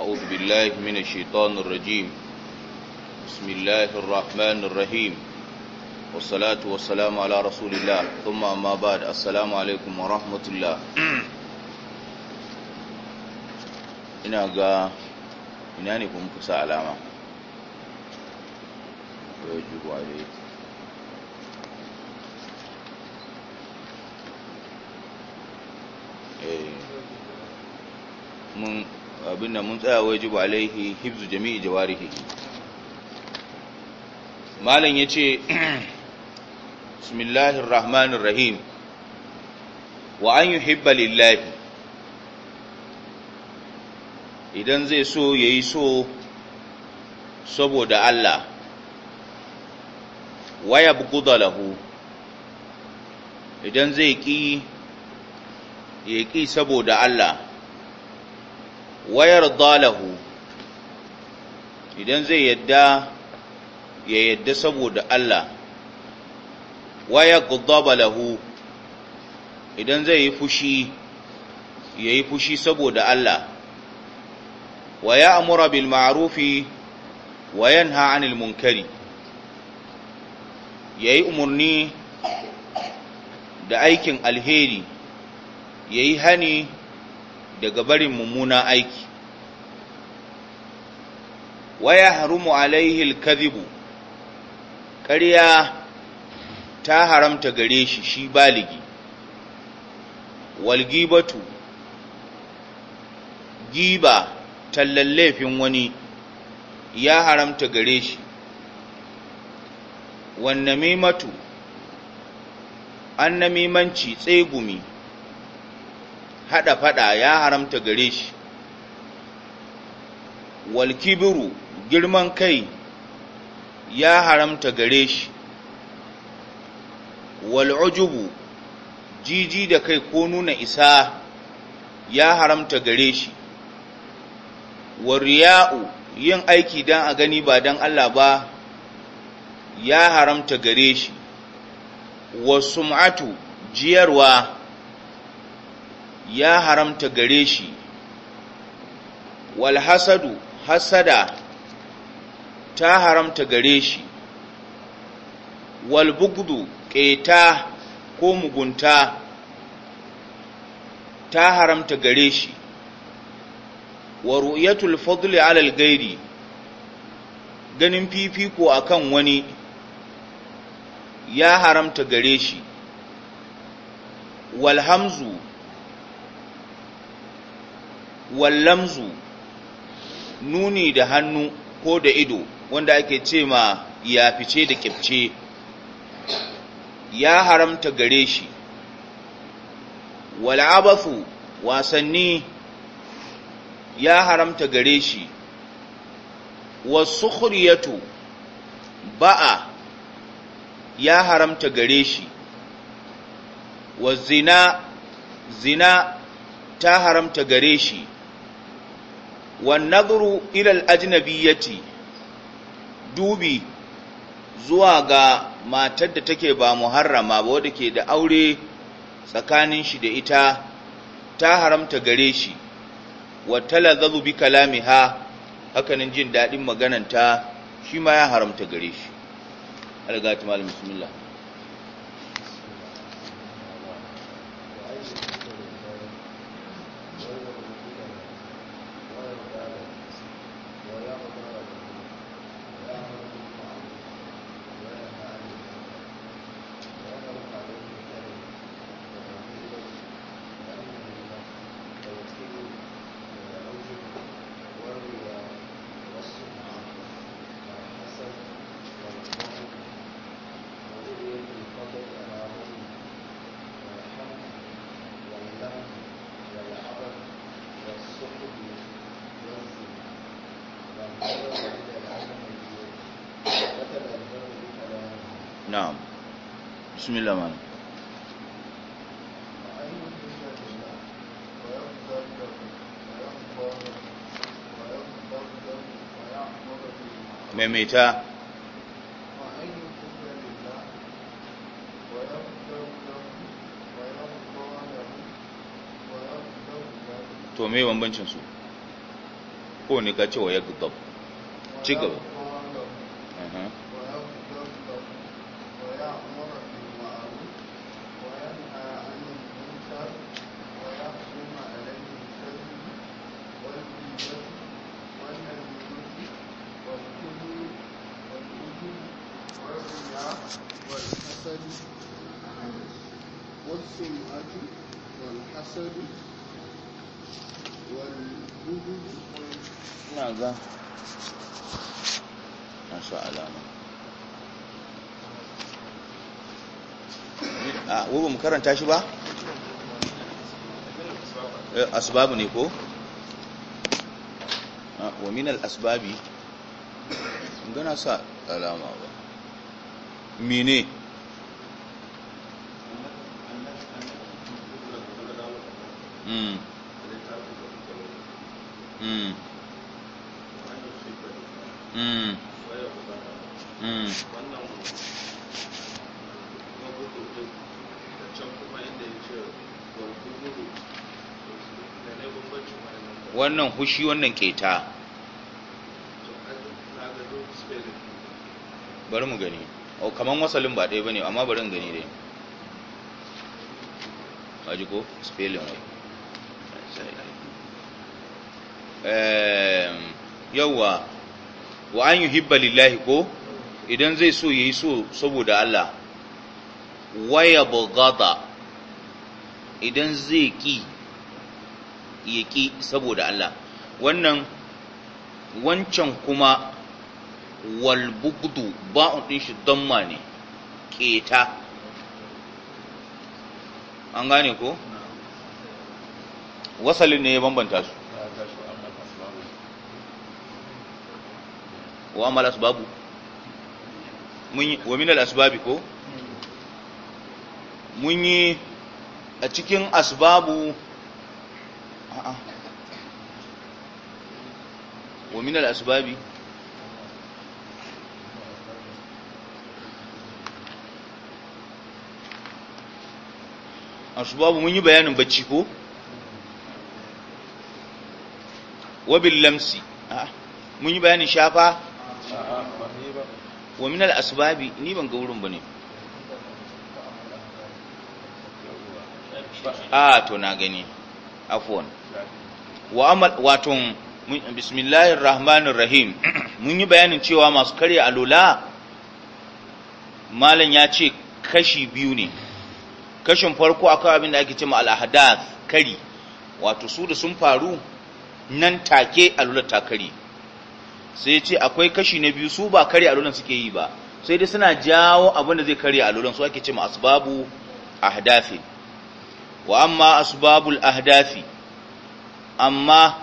أعوذ بالله من الشيطان الرجيم بسم الله الرحمن الرحيم والصلاة والسلام على رسول الله ثم أما بعد السلام عليكم ورحمة الله إنا ga إنا ne kuma kusa إيه mun abin da mun tsaya wa jibu alaihi hibzu jami'i jawarihi malam yace bismillahir rahmanir rahim wa an yuhibba lillahi idan zai so yayi so saboda Allah waya buguda lahu idan zai ƙi ya ƙi saboda Allah wayar dalahu idan zai yadda ya yadda saboda Allah waya gudaba lahu idan zai yi fushi ya yi fushi saboda Allah waya amura bil ma'rufi wayan ha'anil munkari ya yi umarni da aikin alheri ya yi hani daga barin mummuna aiki waya harumu alaihi alkadhibu ƙarya ta haramta gare shi shi baligi walgibatu giba tallan laifin wani ya haramta gare shi wannan mimatu an namimanci tsegumi Haɗa faɗa ya haramta gare shi wal kibiru girman kai ya haramta gare shi wal ujubu jiji da kai ko nuna isa ya haramta gare shi wariya'u yin aiki don a gani ba don Allah ba ya haramta gare shi wa sum'atu jiyarwa ya haramta gare shi wal hasadu hasada ta haramta gare shi wal bugdu ƙeta ko mugunta ta haramta gare shi wa ru'yatul fadli alal gairi ganin fifiko akan wani ya haramta gare shi wal hamzu wallamzu nuni da hannu ko da ido wanda ake ce ma ya fice da kipce ya haramta gare shi wal'abathu wasanni ya haramta gare shi wasukhriyatu ba'a ya haramta gare shi wazina zina ta haramta gare shi wan nadhru ila al-ajnabiyyati dubi zuwa ga matar da take ba muharrama ba wadda ke da aure tsakanin shi da ita ta haramta gare shi wa talazzu bi kalamiha nan jin dadin magananta shi ma ya haramta gare shi ta malam bismillah bismillah ma maimaita to me bambancin su ko ne ka ce wa ya gudab ci gaba السمعة والحسد والبغض ماذا؟ ما شاء a wo mu karanta shi ba asbabu ne ko wa min asbabi gana sa alama ba mene Mm. Mm. Mm. wannan hushi wannan keta bari mu gani o oh, kaman wasalin ba ɗaya bane amma bari mu gani dai ajiko spelling wai Ehm, yawwa wa an yuhibba lillahi ko idan zai so yi so saboda Allah wa bugada idan zai ki ya ki saboda Allah wannan wancan kuma wal bugdu ba'un ɗin shi damma ne keta an gane ko wasalin ne ya bambanta su wa amal asbabu mun wa min al asbabi ko mun yi a cikin asbabu a'a wa min al asbabi asbabu mun yi bayanin bacci ko wa bil lamsi mun yi bayanin shafa wa min al ni ban ga wurin bane a to na gani afwan wa amal bismillahir rahmanir rahim mun yi bayanin cewa masu karya alula malam ya ce kashi biyu ne kashin farko akwai abin da ake cewa al-ahdath kari wato su da sun faru nan take alula ta kari sai ce akwai kashi na biyu su ba karya aluran suke yi ba sai dai suna jawo abin da zai karya aluran su ake ce ma asbabu ahdafi wa amma asbabul ahdafi amma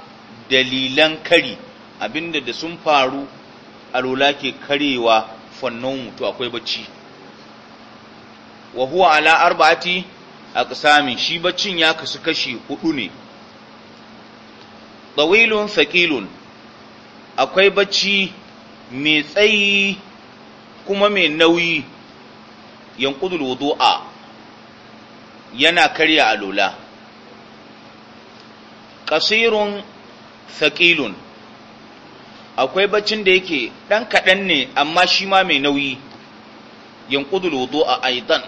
dalilan kari abinda da sun faru alula ke karewa fannon mutu akwai bacci wa huwa ala arba'ati aqsamin shi baccin ya kasu kashi hudu ne dawilun thaqilun akwai bacci mai tsayi kuma mai nauyi yankudul wudu'a yana karya lola, kasirun thaqilun akwai baccin da yake ɗan kaɗan ne amma shi ma mai nauyi yankudul wudu'a aidan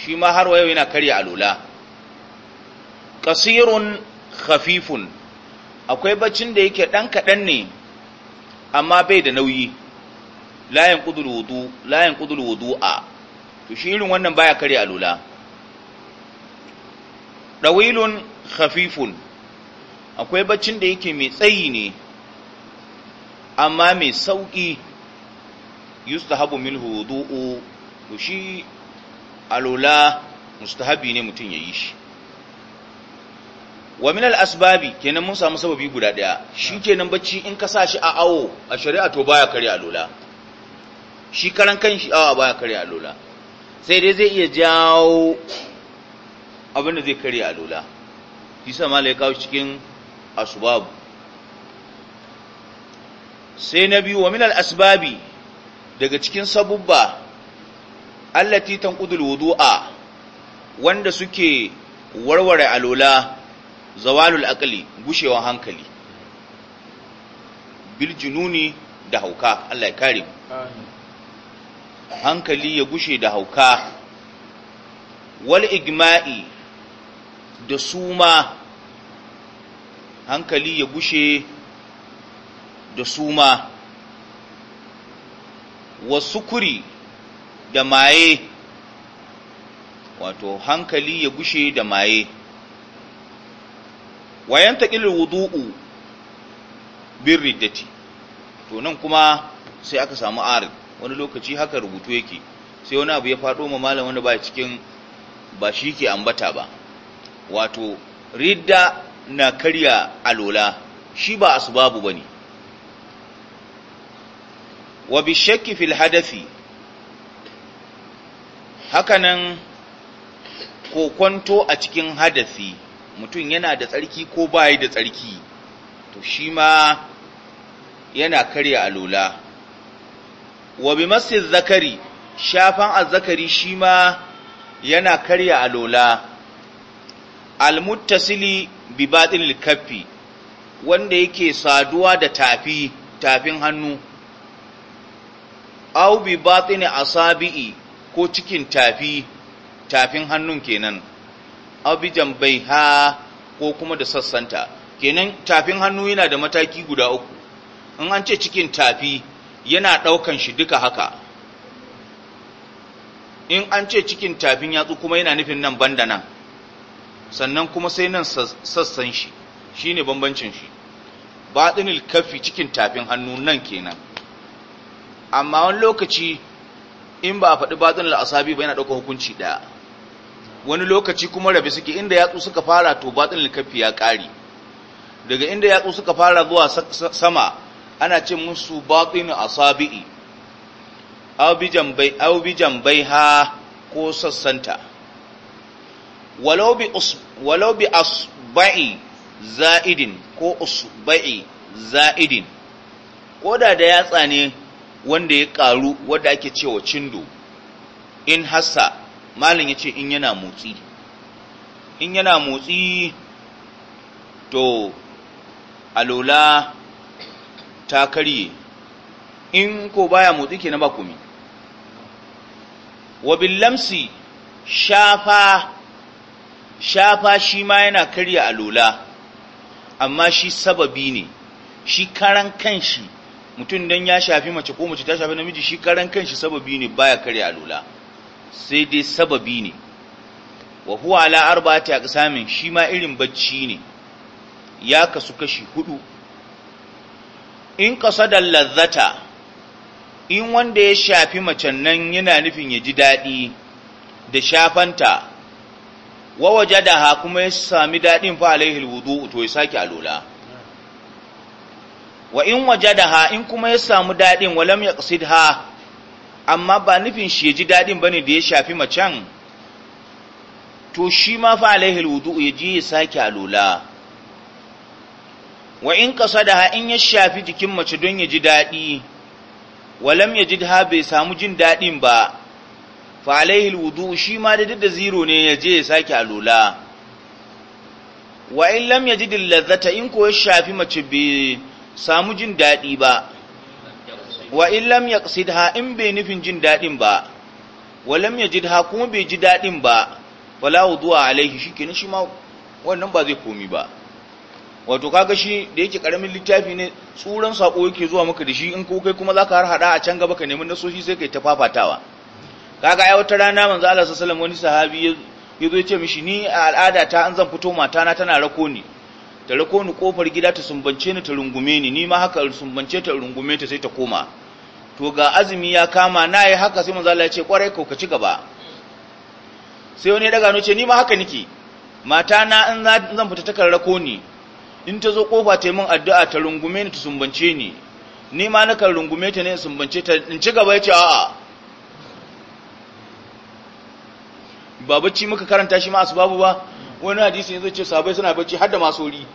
shi ma har wayo yana karya lola, kasirun khafifun akwai baccin da yake ɗan kaɗan ne amma bai da nauyi layin kudul wudu layin kudul a, to shi irin wannan baya kare alula dawilun khafifun akwai baccin da yake mai tsayi ne amma mai sauki yustahabu min wudu'u to shi alula mustahabi ne mutum ya yi shi wa minal asbabi kenan mun samu sababi guda daya shikenan bacci in ka sa shi a awo a shari'a to baya kare alola shi karan kanshi awa baya kare alola sai dai zai iya jawo abin da zai kare alola kisa mala ya kawo cikin asbabu sai na biyu wa minal asbabi daga cikin sabubba allati tanqudul wudu'a wanda suke warware alola zawalul akali gushewan hankali bil jununi da hauka Allah ya kare mu hankali ya gushe da hauka wal igma'i da suma hankali ya gushe da suma wa sukuri da maye wato hankali ya gushe da maye wa taƙilin wudu'u bir riddati to nan kuma sai aka samu arid wani lokaci haka rubutu yake sai wani abu ya faɗo ma malam wanda ba cikin ba shi ke ambata ba wato ridda na karya alola shi ba asbabu bane wa bi shakki fil nan hakanan kwanto a cikin hadafi. mutum yana da tsarki ko ba yi da tsarki to shi ma yana karya lola. wa bi masu zakari shafan azzakari shi ma yana karya alula almuttasili bi batil kaffi wanda yake saduwa da tafi tafin hannu au bi batin asabi'i ko cikin tafi tafin hannun kenan abijan bai ha ko kuma da sassanta kenan tafin hannu yana da mataki guda uku in an ce cikin tafi yana ɗaukan shi duka haka in an ce cikin tafin yatsu kuma yana nufin nan banda nan sannan kuma sai nan sassan shi shine bambancin shi baɗinil kafi cikin tafin hannu nan kenan amma wani lokaci in ba a faɗi baɗinil asabi ba yana ɗaukar hukunci ɗaya wani lokaci kuma Rabi suke inda yatsu suka fara to batin likafi ya ƙare. daga inda yatsu suka fara zuwa sama ana ce musu batin asabi'i aw bi jambai ha ko sassanta walau bi za'idin ko usba'i za'idin koda da yatsa ne wanda ya ƙaru wadda ake cewa cindo in hassa malin ya ce in yana motsi in yana motsi to alola ta karye in ko baya motsi ke na bakomi wa billamsi shafa shafa shi ma yana karye alola amma shi sababi ne shi karan kanshi mutum dan ya shafi mace ko mace ta shafi namiji shi karan kanshi sababi ne baya karya alola sai dai sababi ne wa huwa ala arba'ati aqsamin shi ma irin bacci ne ya kasu kashi hudu in qasada lazzata in wanda ya shafi macen nan yana nufin ya ji dadi da shafanta wa wajadaha kuma ya sami dadin fa alaihi alwudu to ya saki alula wa in wajadaha in kuma ya samu dadin walam yaqsidha amma ba nufin shi ya ji daɗin ba ne da ya shafi macen to shi ma fa alaihi alwudu ya ji ya sake alula wa in ha in ya shafi jikin mace don ya ji daɗi walam yajidha bai samu jin daɗin ba fa alaihi alwudu shi ma da duk da zero ne ya je ya sake alula wa in lam yajid allazata in ko ya shafi mace bai samu jin daɗi ba wa illam yaqsidha in bai nufin jin dadin ba walam yajidha kuma bai ji dadin ba wala wudu'a alaihi shi kenan shi ma wannan ba zai komi ba wato kaga shi da yake karamin littafi ne tsuran sako yake zuwa maka da shi in ko kai kuma zaka har hada a can gaba ka nemi nasoshi sai kai ta fafatawa kaga ai wata rana manzo Allah sallallahu alaihi wasallam wani sahabi ya zo ya ce mishi ni a al'ada ta an zan fito matana tana rako ni ta rako ni kofar gida ta sumbance ni ta rungume ni ni ma haka sumbance ta rungume ta sai ta koma to ga azumi ya kama na yi haka sai manzo Allah ya ce kwarai ka ci gaba sai wani daga no ce ni ma haka niki mata na in zan fita takan rako ni in ta zo kofa ta yi min addu'a ta rungume ni ta sumbance ni ni ma na kan rungume ta ne sumbance ta in ci gaba ya ce a'a ba bacci muka karanta shi ma asbabu ba wani hadisi zai ce sabai suna bacci har da masori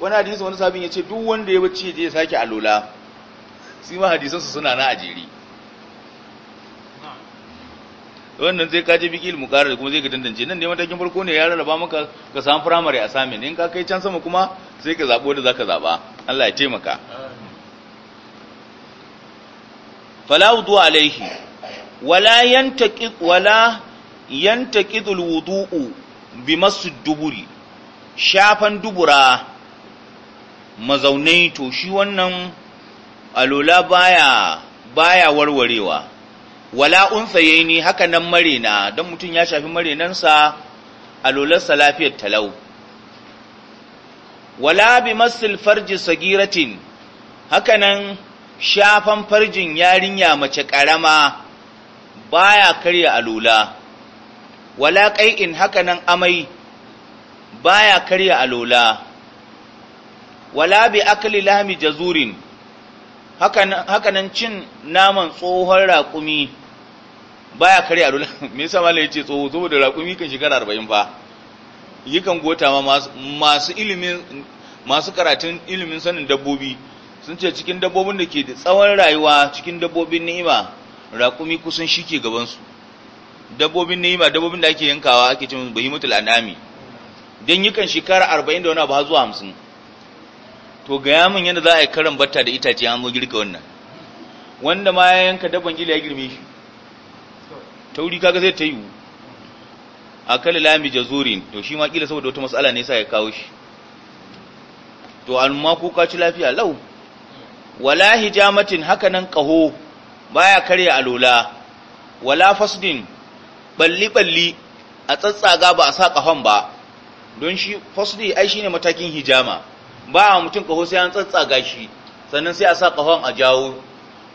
wani hadisi wani sabin ya ce duk wanda ya bacci ya je ya sake alola su ma hadisansu suna na ajiri wannan zai kaje biki ilmu da kuma zai ga dandance nan ne matakin farko ne ya rarraba maka ka samu firamare a sami in ka kai can sama kuma sai ka zaɓo da za ka zaɓa Allah ya taimaka fala wudu alaihi wala Yanta wala yantaqidul wudu'u bi masu duburi shafan dubura mazaunai to shi wannan alola baya baya warwarewa wala unsayaini haka nan marena dan mutun ya shafi marenansa alolarsa lafiyar talau wala bi masil farji sagiratin haka nan shafan farjin yarinya mace karama baya karya alola wala haka hakanan amai baya karya alola wala bi akli lahmi jazurin hakanan cin naman tsohon raƙumi baya karya alola me yasa malai ce tsoho saboda raƙumi kan shekara 40 fa kan gota ma masu ilimin masu karatun ilimin sanin dabbobi sun ce cikin dabbobin da ke da tsawon rayuwa cikin dabbobin ni'ima raƙumi kusan shi ke gabansu dabbobin ni'ima dabbobin da ake yankawa ake cewa bahimatul anami dan kan shekara 40 da wani abu zuwa 50 to ga yamin yanda za a yi karan batta da itace an zo girka wannan wanda ma ya yanka dabban gila ya girme shi tauri kaga zai ta yi. A kala lami jazurin to shi ma kila saboda wata matsala ne sa ya kawo shi to an ma ko ka ci lafiya lau wala hijamatin nan qaho baya karya alola wala fasdin balli-balli a tsatsaga ba a sa ƙahon ba don shi fosdi ai shi ne matakin hijama ba a mutum ka sai an tsatsaga shi sannan sai a sa ƙahon a jawo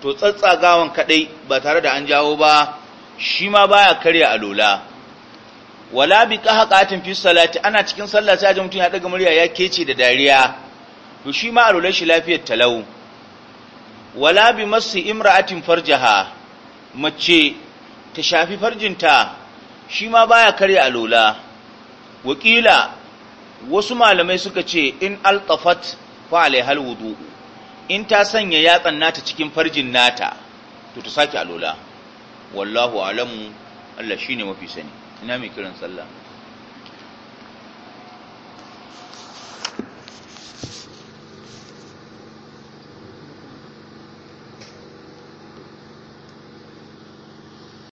to tsatsagawan kaɗai ba tare da an jawo ba shi ma baya karya a lola. wala bi atin fi salati ana cikin sallah sai a mutum ya ɗaga murya ya kece da dariya to shi ma a lola shi lafiyar talau wala bi masu imra'atin farjaha mace ta shafi farjinta shi ma baya karya alola wakila wasu malamai suka ce in altafat fa alaihal wudu in ta sanya yatsan nata cikin farjin nata to ta sake alola wallahu alamu Allah shine mafi sani ina mai kiran sallah